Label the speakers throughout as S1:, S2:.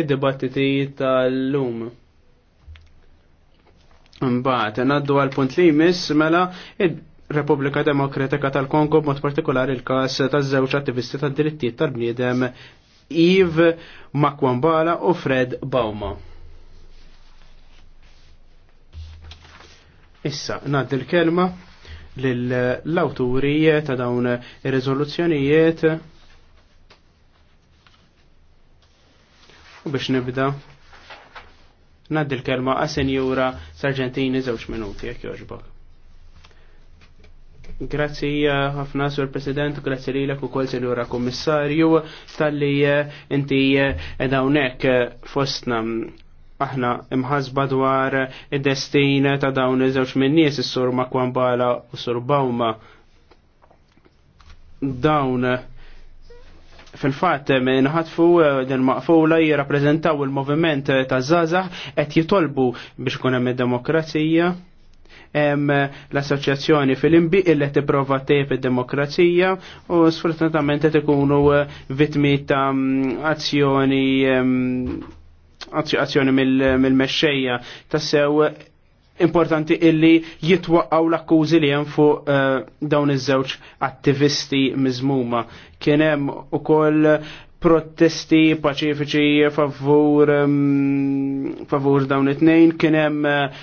S1: id-dibattiti tal-lum. Mbagħad ngħaddu għal punt li jmiss mela Repubblika Demokratika tal-Kongo mod partikolari l-każ taż-żewġ attivisti tad-drittijiet tal-bniedem Iv Makwambala u Fred Bauma. Issa, naddi l-kelma l-awturi ta' dawn ir-rezoluzzjonijiet U biex nibda, naddi l-kelma għas-senjura Sargentini żewġ minuti, jekk joġbok. Grazzi eh, ħafna sur President, grazzi li l-ek u kol senjura Kommissarju, tal-li eh, inti eh, edawnek fostna mm, aħna imħazba dwar id-destin ta' dawn iż-żewġ min-nies is-sur Makwambala u sur Bawma. Dawn fil-fat eh, nħatfu eh, din maqfula jirrappreżentaw il-moviment eh, ta' zazax qed jitolbu biex kun hemm id-demokrazija l-assoċjazzjoni fil-imbi illi tipprova tejb id-demokrazija u sfortunatament qed ikunu vitmi ta' mm, azzjoni ehm, azzjoni mill-mexxejja tassew importanti illi jitwaqqaw l-akkużi li hemm fuq eh, dawn iż-żewġ attivisti miżmuma. Kien hemm ukoll protesti paċifiċi favur mm, favur dawn it-tnejn, kien hemm eh,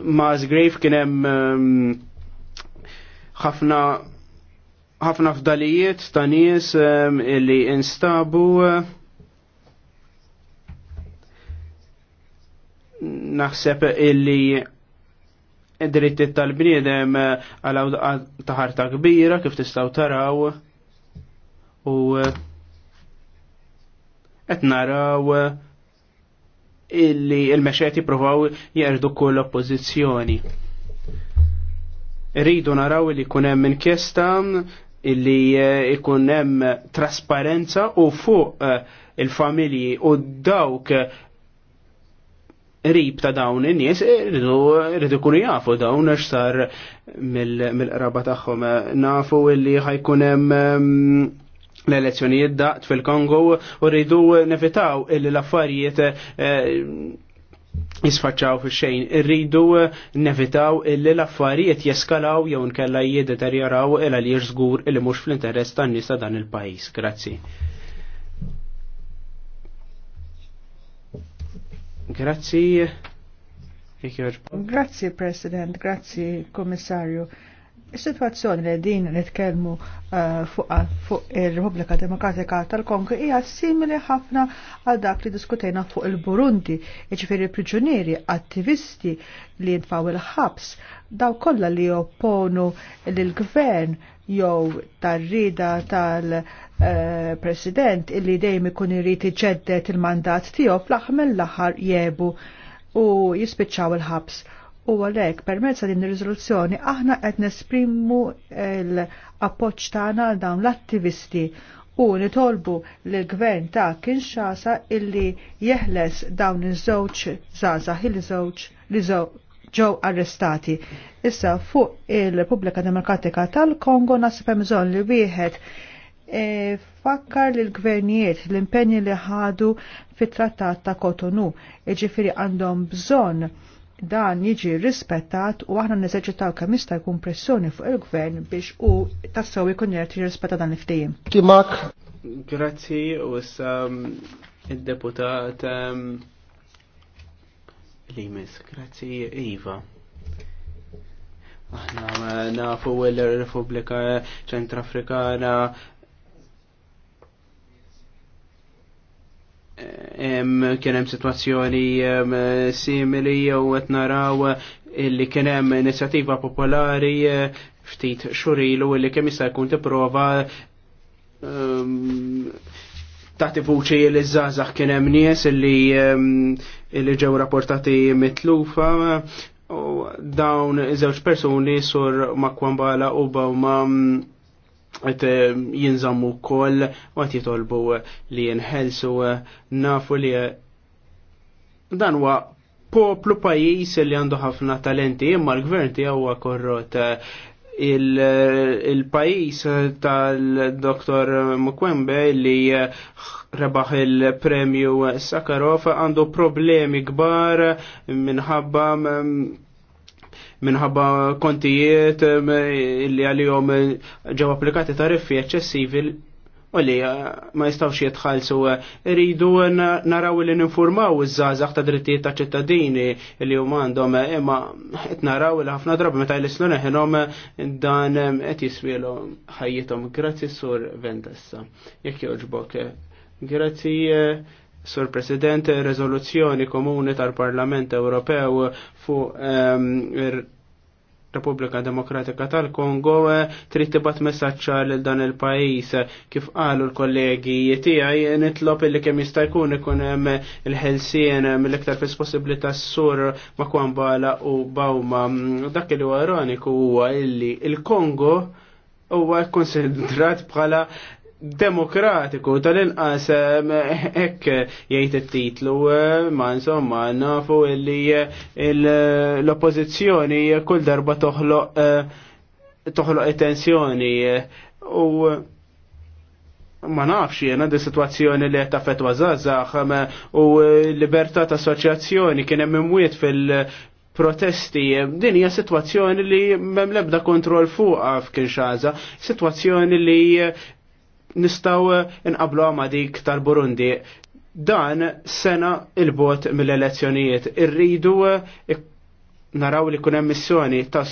S1: Mass Grave, kien hemm mm, ħafna ħafna fdalijiet ta' nies eh, illi instabu naħseb illi id-dritti tal-bniedem eh, għalaw taħarta kbira kif tistaw taraw u qed eh, eh, naraw illi il mexeti jipruvaw jerdu kull oppożizzjoni. Rridu naraw li kun hemm inkjesta illi ikun hemm trasparenza u fuq il-familji u dawk rib ta' dawn in-nies irridu jkunu jafu dawn għax sar mill-qraba tagħhom. Nafu li ħajkun hemm l-elezzjonijiet daqt fil-Kongo u rridu nevitaw illi l-affarijiet eh, jisfaċċaw fi xejn. Irridu nevitaw illi l-affarijiet jeskalaw jew nkella jiddeterjaraw il għaliex żgur illi mhux fl-interess tan-nisa dan il-pajjiż. Grazzi. Grazie Grazie President,
S2: grazie Commissario. Is-sitwazzjoni li din nitkellmu eh, fuq ir-Repubblika Demokratika tal-Kongo hija simili ħafna għal dak li diskutejna fuq il-Burundi, jiġifieri priġunieri, attivisti li ntfaw il-ħabs, daw kollha li opponu lill-gvern jew tar-rida tal-President illi dejjem ikun irid iġeddet il-mandat tiegħu fl-aħħar mill-aħħar jebu u jispiċċaw il-ħabs u għalhekk permezz din ir-riżoluzzjoni aħna qed nesprimu l-appoġġ tagħna għal dawn l-attivisti u nitolbu l-gvern ta' Kinshasa illi jeħles dawn iż-żewġ żgħażagħ il-żewġ li ġew arrestati. Issa fuq il-Repubblika Demokratika tal-Kongo nasib hemm li wieħed E, fakkar li l-gvernijiet l impenni li ħadu fit trattat ta' Kotonu, iġifiri għandhom bżonn dan jiġi rispettat u aħna n kemm jista' jkun pressjoni fuq il-gvern biex u tassew jkun jert jirrispetta dan l-ftehim. Kimak?
S1: Grazzi u issa mm, id-deputat mm, Limes, grazzi Iva. Aħna mm, nafu l-Repubblika Ċentrafrikana kien hemm sitwazzjoni simili jew qed naraw illi kien hemm inizjattiva popolari eh, ftit xurilu illi kemm jista' jkun tipprova taħti vuċi li żgħażagħ kien hemm nies illi ġew rapportati mitlufa u dawn iż-żewġ persuni sur Makwambala u Bawma għet eh, jinżammu koll, għet jitolbu li jinħelsu eh, nafu li eh, dan huwa poplu pajis li għandu ħafna talenti imma l-gvern tiegħu korrot il-pajis tal-doktor Mukwembe li rebaħ il-premju Sakharov għandu problemi kbar minħabba mm, minħabba kontijiet li għalihom ġew applikati tariffi eċċessivi u li eh, ma jistawx jitħalsu. Rridu naraw li ninformaw iż-żazax ta' drittijiet ta' ċittadini li huma għandhom eh, imma qed naraw li ħafna drabi meta jlislu neħinhom dan qed jiswielu ħajjithom. Grazzi sur Vendessa. Jekk jogħġbok. Grazzi eh, Sur President, rezoluzzjoni komuni tal-Parlament Ewropew fuq ehm, Repubblika Demokratika tal-Kongo eh, trid tibgħat messaċċa lil dan il-pajjiż kif qalu l-kollegi tiegħi nitlob illi kemm jista' jkun ikun hemm il-ħelsien mill-iktar fis possibbli tas-sur ma' kwambala u bawma. Dak li huwa ironiku huwa illi il-Kongo huwa kkonsidrat bħala demokratiku tal-inqas hekk jgħid it-titlu ma insomma nafu li l-oppożizzjoni kull darba toħloq toħloq tensjoni u ma nafx jena di situazzjoni li ta' fetwa zazax u libertà ta' assoċjazzjoni kien hemm imwiet fil protesti, din hija situazzjoni li m'hemm l-ebda kontroll fuqha x'aza, situazzjoni li nistaw eh, inqablu għama dik tal-Burundi. Dan sena il-bot mill-elezzjonijiet. Irridu eh, naraw li kunem missjoni ta'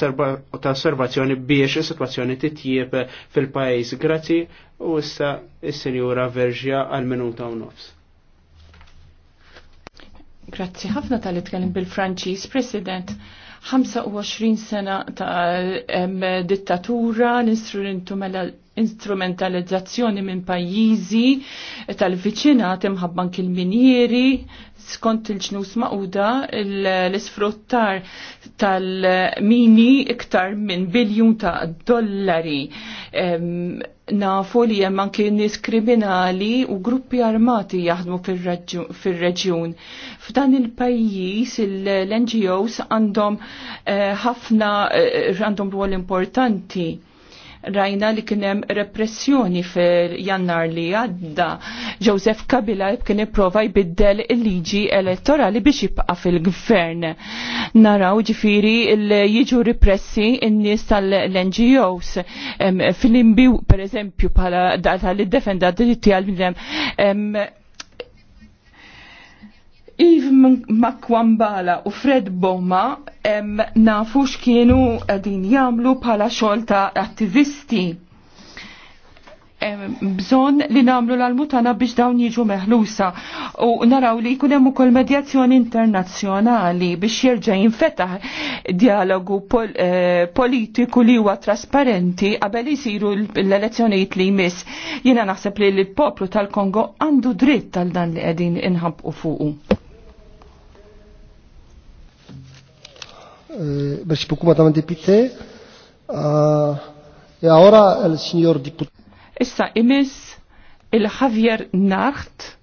S1: osservazzjoni biex situazzjoni titjieb fil-pajis. Grazzi u issa il-senjura Verġja għal-minuta u nofs.
S3: Grazzi ħafna tal-itkellim bil-Franċis, President. 25 sena ta' dittatura, l-instrumentalizzazzjoni minn pajjiżi tal-viċinat imħabba il-minjeri, skont il-ġnus maquda l-isfruttar tal-mini iktar minn biljun ta' dollari nafu li hemm kien nies kriminali u gruppi armati jaħdmu fir-reġjun. F'dan il-pajjiż l-NGOs għandhom eh, ħafna eh, għandhom rwol importanti rajna li kienem repressjoni fil-jannar li għadda. Joseph Kabila kien prova jbiddel il-liġi elettorali biex jibqa fil-gvern. Naraw ġifiri jiġu repressi n-nies tal-NGOs fil-imbiw per eżempju pala data li defenda dritti għal-bnidem Yves Makwambala u Fred Boma nafu x'kienu din jagħmlu bħala xogħol ta' attivisti. Bżon li namlu l-almutana biex dawn jiġu meħlusa u naraw li jkun hemm ukoll medjazzjoni internazzjonali biex jerġa' jinfetaħ dialogu pol eh, politiku li huwa trasparenti qabel isiru l-elezzjonijiet li jmiss. Jiena naħseb li l-poplu tal-Kongo għandu dritt tal dan li qegħdin inħabqu fuqu. Euh, merci beaucoup, Madame députée. Euh, et ahora, el señor Issa, imis il-Javier Nart.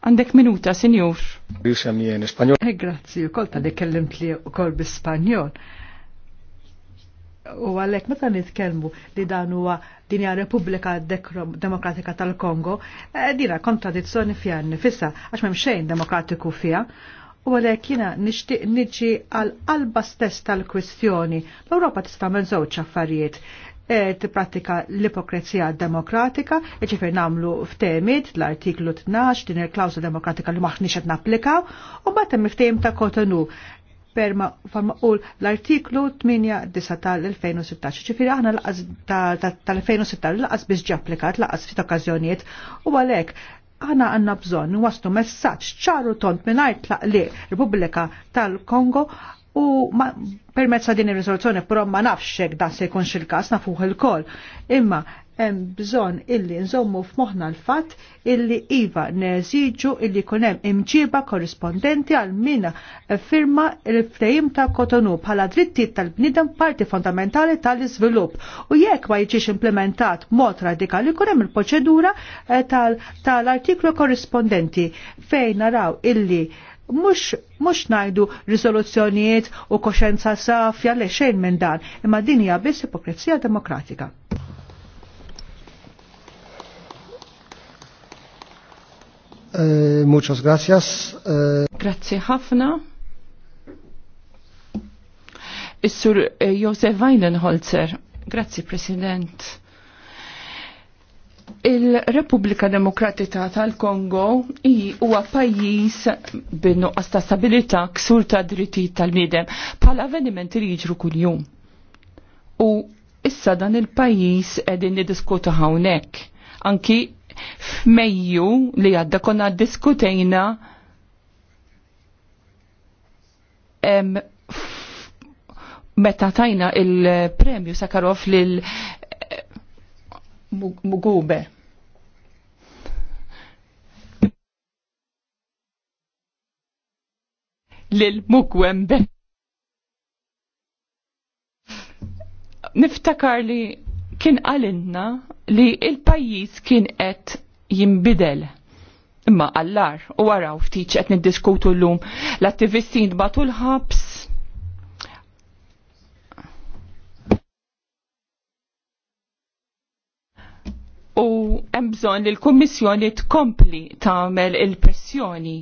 S3: Għandek minuta, senjur.
S2: Jien Spanjol. Eh, Grazzi, u kol li kellimt li u kol bispanjol. U għalek, meta nitkellmu li dan huwa dinja Repubblika Demokratika tal-Kongo, eh, dina kontradizzjoni fija nifissa, għax memxejn demokratiku fija u għalhekk jiena nixtieq niġi għal qalba stess tal-kwistjoni. L-Ewropa tistgħmel żewġ affarijiet e, tippratika l-ipokrezija demokratika, eċifir namlu f'temid l-artiklu 12 din il-klawsa demokratika li maħni qed napplikaw, u batem hemm ta' Kotonu perma famaqul l-artiklu 8-9 tal-2016. ċifiri aħna l-qas tal-2016 l-qas biex ġi applikat, l-qas fit okkazjoniet u għalek għana għanna bżon waslu messaċ ċaru tont minnajt tlaqli Repubblika tal-Kongo u permezza din ir-riżoluzzjoni però ma nafx hekk dan se jkunx il-każ nafuh il kol Imma hemm bżonn illi nżommu f'moħħna l-fatt illi iva neżiġu illi jkun hemm imġiba korrispondenti għal min firma l-ftehim ta' Kotonu bħala drittijiet tal-bniedem parti fondamentali tal-iżvilupp u jekk ma jiġix implementat mod radikali kun hemm il-proċedura eh, tal-artiklu korrispondenti fejn naraw illi mux, mux najdu risoluzzjonijiet u koxenza safja le xejn minn dan, imma din hija biss ipokrizija demokratika.
S3: Uh, muchas gracias. Uh... Grazie ħafna. Is-sur eh, Josef Weinenholzer, Grazie, President. Il-Repubblika Demokratika tal-Kongo i huwa pajjiż bin-nuqqas ta' stabilità ksur ta' drittijiet tal-miedem bħala avvenimenti li jiġru kuljum. U issa dan il-pajjiż qegħdin niddiskutu hawnhekk anki f'Mejju li għadda konna diskutejna em, meta tajna il-premju Sakarov lil eh, Mugube. Lil Mugwembe. Niftakar li kien għalinna li il-pajjiż kien qed jimbidel. Imma għallar, u għaraw ftit qed niddiskutu llum l-attivisti jintbatu l-ħabs. U hemm bżonn li l-Kummissjoni tkompli tagħmel il-pressjoni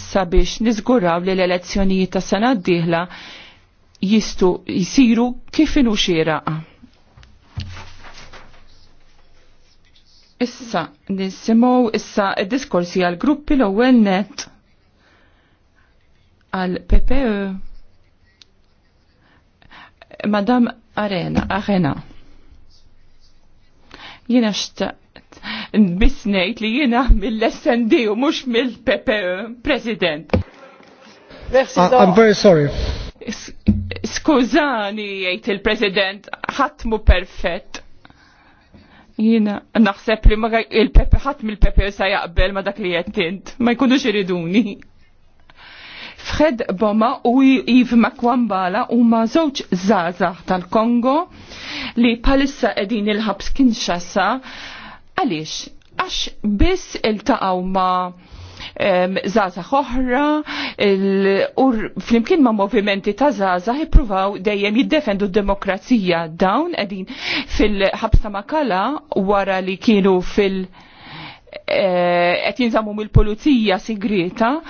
S3: sabiex niżguraw li l-elezzjonijiet ta' sena d-dieħla jistu jisiru kif inhu xieraq Issa, nisimow issa diskorsi għal gruppi l ewwel net għal PPE Madam Arena, Arena. Jena xtaqt bisnejt li jena mill-SND u mux mill-PPE President. Ah, I'm very sorry. Skużani, jgħid il-President, ħatmu perfett Jina, naħseb li il-pepe ħat mill-pepe sa jaqbel ma dak li jettint, ma jkunux iriduni. Fred Boma u Yves Makwambala u ma żewġ żgħażagħ tal-Kongo li palissa edin il-ħabs Kinshasa għaliex għax biss il-taqaw ma' zaza oħra u flimkien ma' movimenti ta' zaza jippruvaw dejjem jiddefendu d-demokrazija dawn qegħdin fil ħabsa makala wara li kienu fil- e, qed jinżammu mill-pulizija Sigrieta,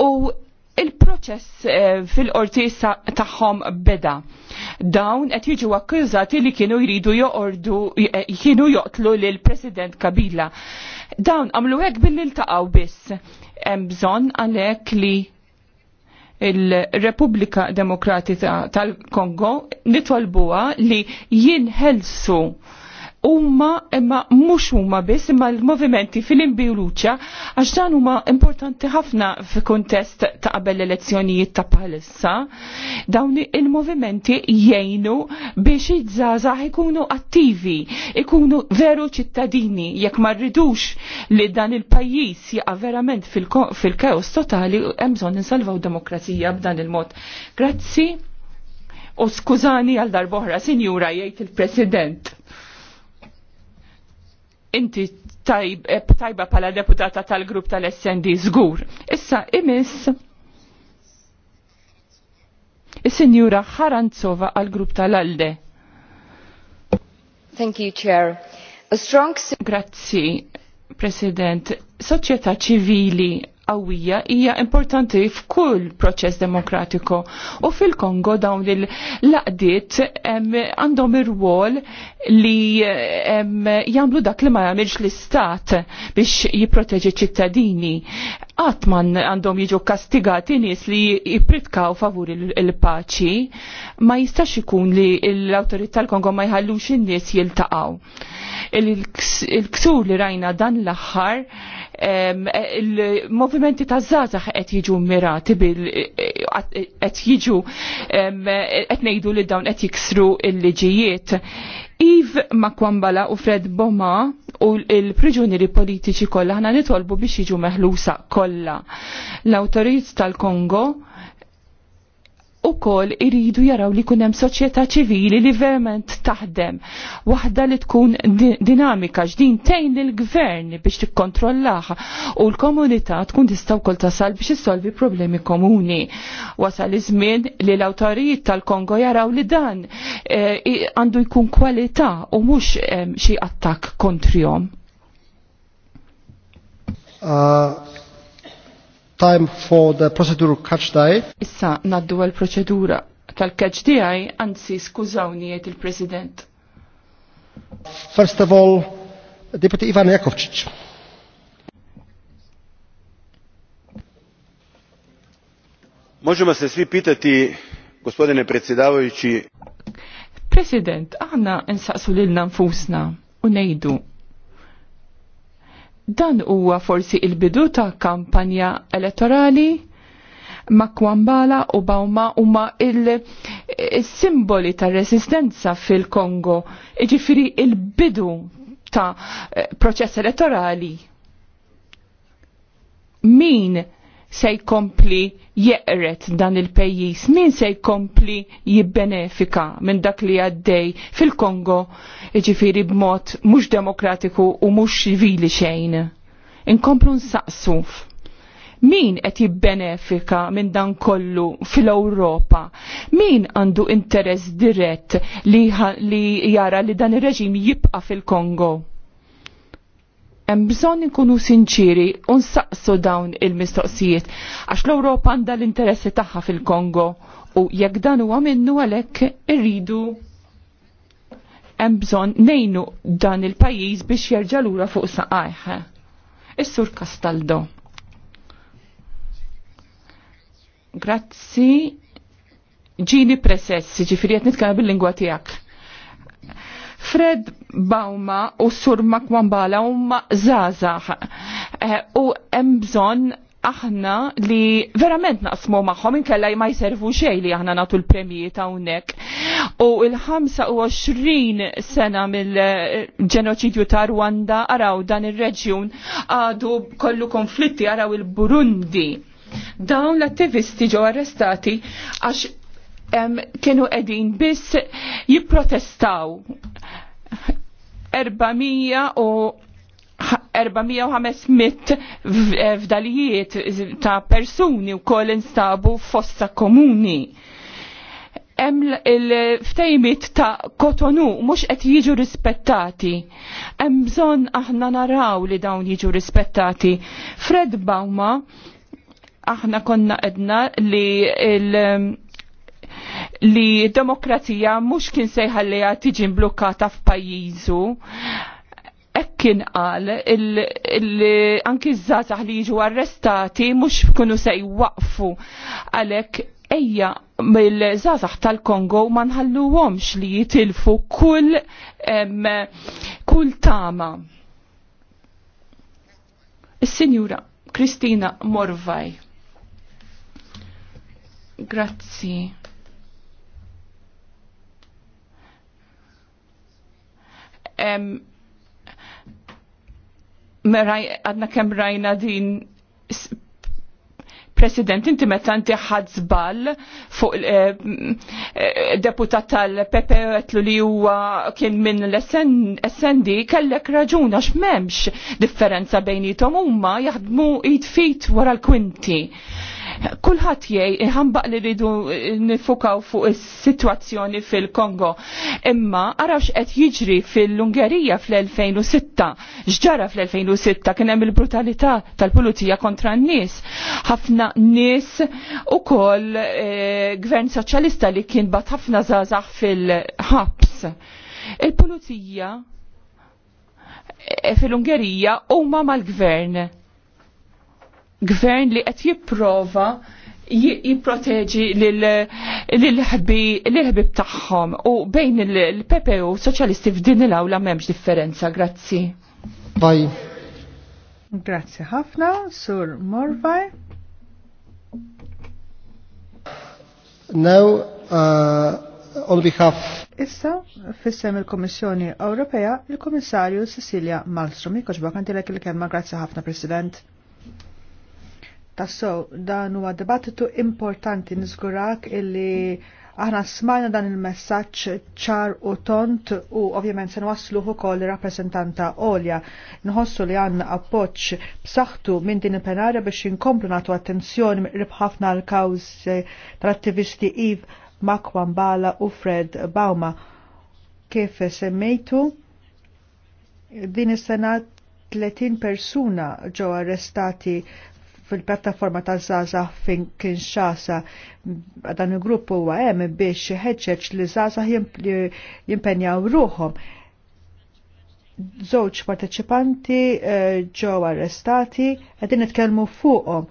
S3: u il-proċess e, fil-qorti tagħhom beda. Dawn qed jiġu akkużati li kienu jridu joqordu e, kienu joqtlu lil President Kabila. Dawn għamlu hekk billi ltaqgħu biss. Hemm bżonn għalhekk li il-Repubblika Demokratika tal-Kongo nitolbuha li jinħelsu huma imma mhux huma biss imma l-movimenti fil-imbiluċa għax dan huma importanti ħafna fil-kontest ta' qabel elezzjonijiet ta' bħalissa. Dawn il-movimenti jgħinu biex iż-żgħażagħ ikunu attivi, ikunu veru ċittadini jekk ma rridux li dan il-pajjiż jaqa' verament fil-kaos totali hemm bżonn insalvaw demokrazija b'dan il-mod. Grazzi u skużani għal darboħra, sinjura jgħid il-President inti eh, tajba pala deputata tal-grupp tal-SND zgur. Issa imis is-sinjura Haranzova għal-grupp tal-Alde. Thank you, Chair. A strong... Grazzi, President. Soċjetà ċivili qawwija hija importanti f'kull proċess demokratiku. U fil-Kongo dawn il-laqdiet għandhom ir-wol li jagħmlu dak li ma jagħmilx l-istat biex jipproteġi ċittadini għatman għandhom jiġu kastigati nis li jipritkaw favur il-paċi, ma jistax ikun li l autorità tal-Kongo ma jħallux in-nies jiltaqaw. Il-ksur li rajna dan l-aħħar, il-movimenti ta' zazax qed jiġu mirati bil għet jiġu qed ngħidu li dawn qed jiksru l-liġijiet Iv Makwambala u Fred Boma u il-priġunieri politiċi kollha ħna nitolbu biex jiġu meħlusa kollha. l awtorit tal-Kongo u kol iridu jaraw li kunem soċjetà ċivili li verment taħdem, waħda li tkun dinamika ġdin tejn il-gvern biex tikkontrollaħa u l-komunità tkun tistaw kol tasal biex issolvi problemi komuni. Wasal iż-żmien li l-awtorijiet tal-Kongo jaraw li dan eh, għandu e, jkun kwalità u mhux eh, xi attakk kontrihom. Uh, time for the procedure catch day. Issa naddu għal proċedura tal-catch day, anzi skużawni għet il-President. First of all, Deputy Ivan Jakovčić.
S1: Možemo se svi pitati, gospodine predsjedavajući.
S3: President, għana nsaqsu lil nfusna u nejdu Dan huwa forsi il-bidu ta' kampanja elettorali Makwambala u Bawma huma il-simboli ta' resistenza fil-Kongo, iġifiri il-bidu ta' eh, proċess elettorali. Min se jkompli jeqret dan il-pejjiż, min se jkompli jibbenefika minn dak li għaddej fil-Kongo ġifiri b'mod mhux demokratiku u mhux ċivili xejn. Inkomplu nsaqsuf. min qed jibbenefika minn dan kollu fil-Ewropa? Min għandu interess dirett li, li jara li dan ir-reġim jibqa' fil-Kongo? hemm bżonn inkunu sinċiri u nsaqsu dawn il-mistoqsijiet għax l-Ewropa għandha l-interessi tagħha fil-Kongo u jekk dan huwa minnu għalhekk irridu hemm bżonn ngħinu dan il-pajjiż biex jerġa' lura fuq saqajh. Is-Sur Castaldo. Grazzi ġini presess, ġifieri qed nitkellem bil-lingwa tiegħek. Fred Bawma u Sur Makwambala huma żgħażagħ eh, u hemm bżonn aħna li verament naqsmu magħhom inkella ma jservu xejn li aħna nagħtu l premijiet ta' hawnhekk. U il-25 sena mill-ġenoċidju ta' Rwanda araw dan ir-reġjun għadu kollu konflitti araw il-Burundi. Dawn l-attivisti ġew arrestati għax kienu qegħdin biss jipprotestaw 400 u 400 fdalijiet ta' persuni u kol instabu fossa komuni. Hemm il-ftejmit ta' kotonu mux qed jiġu rispettati. Hemm bżonn aħna naraw li dawn jiġu rispettati. Fred Bauma aħna konna edna li il- li demokrazija mhux kien sejħallija tiġi mblukkata f'pajjiżu. Hekk kien qal anki żgħażagħ li jiġu arrestati mhux kunu se jwaqfu għalhekk ejja mill-żgħażagħ tal-Kongo ma nħalluhomx li jitilfu kull kull tama. Is-Sinjura Kristina Morvaj. Grazie. għadna kem rajna din President, inti meta inti ħadżbal fuq eh, eh, deputat tal-Pepe għetlu li huwa kien minn l-SND, kellek raġun għax memx differenza bejnietom huma jaħdmu id fit wara l-kwinti. Kulħadd jgħid ħanbaq li rridu nifukaw fuq is-sitwazzjoni fil-Kongo. Imma arax qed jiġri fil-Ungerija fl-2006, x'ġara fl-2006 kien hemm il-brutalità tal-pulizija kontra n-nies. Ħafna nies ukoll eh, gvern soċjalista li kien bat ħafna żgħażagħ fil-ħabs. Il-pulizija eh, fil-Ungerija huma mal-gvern gvern li qed jipprova jipproteġi l-ħbib tagħhom u bejn il-Pepe u soċjalisti f'din il-awla m'hemmx differenza, grazzi.
S2: Bye. Grazzi ħafna, Sur Morvaj.
S1: Now, uh, on behalf...
S2: Issa, fissem il-Komissjoni Ewropea, il-Komissarju Cecilia Malmström. Jikoġbak għantilek il-kelma, grazzi ħafna, President. Tasso, dan huwa dibattitu importanti niżgurak illi aħna smajna dan il-messaġġ ċar u tont u ovvjament se nwasslu ukoll rappreżentanta Olja. Nħossu li għandna appoġġ b'saħħtu minn din il-penarja biex inkomplu nagħtu attenzjoni ħafna l kawż tal-attivisti Iv Makwambala u Fred Bauma. Kif semmejtu din is-sena 30 persuna ġew arrestati fil-pjattaforma ta' zaza fin Kinshasa dan il-grupp huwa hemm biex ħeġġeġ li Zaza jimpenjaw ruħom. Żewġ parteċipanti eh, ġew arrestati qegħdin nitkellmu fuqhom u eh,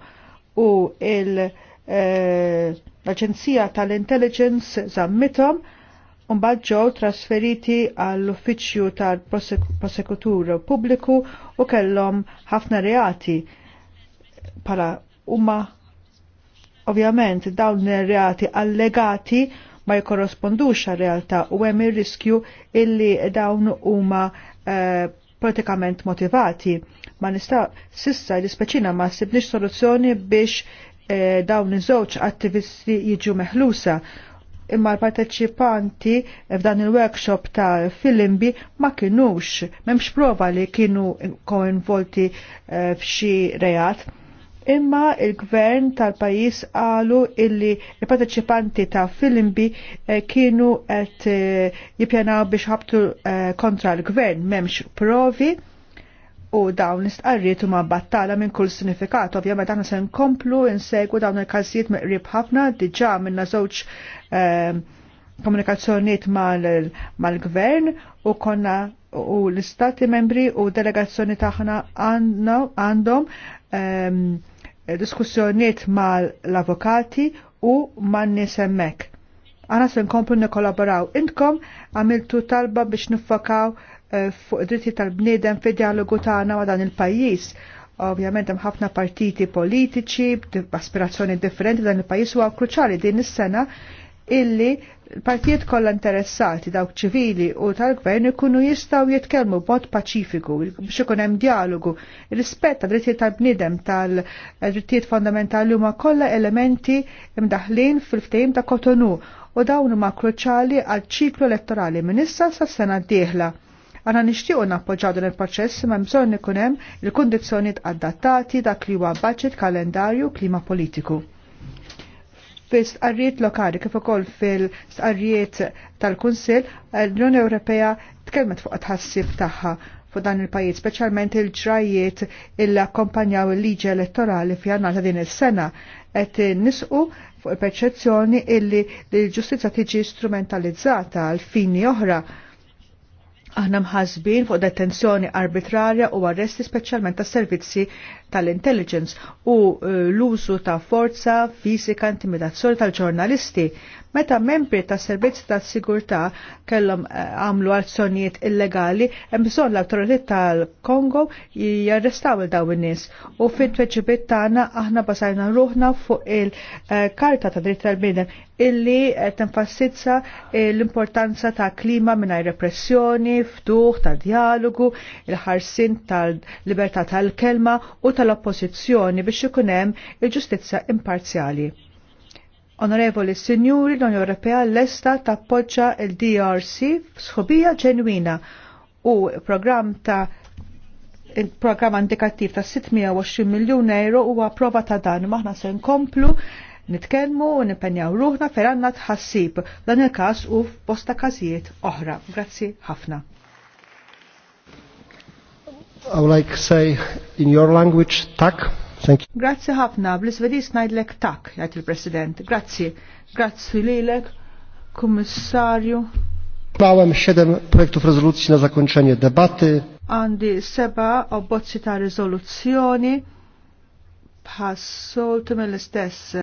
S2: l-Aġenzija tal-Intelligence żammithom Umbad ġew trasferiti għall-uffiċċju tal-prosekutur pubbliku u kellhom ħafna reati pala umma ovvjament dawn ir-reati allegati ma jikorrespondux għal-realtà u hemm ir-riskju illi dawn huma eh, politikament pratikament motivati. Ma nista' sissa l-ispeċina ma sibniex soluzzjoni biex eh, dawn iż-żewġ attivisti jiġu meħlusa imma l-parteċipanti f'dan il-workshop ta' Filimbi ma kinux, memx prova li kienu koinvolti eh, f'xi reat imma il-gvern tal-pajis għalu illi il-parteċipanti ta' Filimbi eh, kienu qed eh, jippjanaw biex ħabtu eh, kontra l-gvern memx provi u dawn l ma' huma battala minn kull sinifikat. Ovvijament, għana se nkomplu insegwu dawn il-każijiet meqrib ħafna diġà minna żewġ komunikazzjoniet mal-gvern u konna u l-istati membri u delegazzjoni taħna għandhom Eh, diskussjoniet mal-avokati u man nies hemmhekk. Għana se nkomplu nikkollaboraw. Intkom għamiltu talba biex niffakaw eh, fuq dritti tal-bniedem fi dialogu tagħna ma' dan il-pajjiż. Ovvjament hemm ħafna partiti politiċi b'aspirazzjoni differenti dan il-pajjiż huwa kruċali din is-sena illi partijiet kollha interessati dawk ċivili u tal-gvern ikunu jistgħu jitkellmu b'mod paċifiku biex ikun hemm dialogu. Rispett ta' drittijiet tal-bniedem tal-drittijiet fondamentali huma kollha elementi imdaħlin fil-ftehim ta' Kotonu u dawn huma kruċali għal ċiklu elettorali minn issa sas-sena d-dieħla. Għana nishtiqu nappoġġaw dan il-proċess ma bżonn ikun hemm il-kundizzjonijiet adattati dak li huwa budget, kalendarju, klima politiku fil-sqarriet lokali kif ukoll fil-sqarriet tal-Kunsill l-Unjoni Ewropea tkellmet fuq tħassib tagħha fuq dan il-pajjiż, speċjalment il-ġrajiet illi akkompanjaw il-liġi elettorali f'jannar ta' din is-sena qed nisqu fuq il-perċezzjoni illi l-ġustizzja tiġi strumentalizzata għal fini oħra Aħna mħazbin fuq detenzjoni arbitrarja u arresti speċjalment tas servizzi tal-intelligence u eh, l-użu ta' forza, fizika, intimidazzjoni tal-ġurnalisti Meta membri ta' servizzi ta' sigurtà kellhom eh, għamlu azzjonijiet illegali, hemm bżonn l-awtoritet tal-Kongo jarrestaw il dawn in-nies. U fit-tweġibiet tagħna aħna basajna ruħna fuq il-Karta eh, ta' Dritt tal bidem illi eh, tenfassizza l-importanza ta' klima mingħajr repressjoni, ftuħ ta' dialogu, il-ħarsin tal-libertà tal-kelma u tal-oppożizzjoni biex ikun hemm il-ġustizzja imparzjali. Onorevoli Sinjuri, l-Unjoni Europea l-esta tappoġġa il-DRC sħobija ġenwina u program ta' il-programm indikattiv ta' 620 miljun euro huwa prova ta' dan. Maħna se nkomplu nitkellmu u nipenjaw ruħna ferranna tħassib dan il-każ u f'bosta każijiet oħra. Grazzi ħafna.
S3: I would like to say in your language, tak. Thank you.
S2: Grazie ħafna, bl-Isvedis snajdlek tak, jgħat il-President. Grazzi, grazzi lilek, komissarju.
S3: Małem 7 projektów rezolucji na zakończenie debaty.
S2: Għandi seba obbozzi ta' rezoluzzjoni bħassoltu mill-istess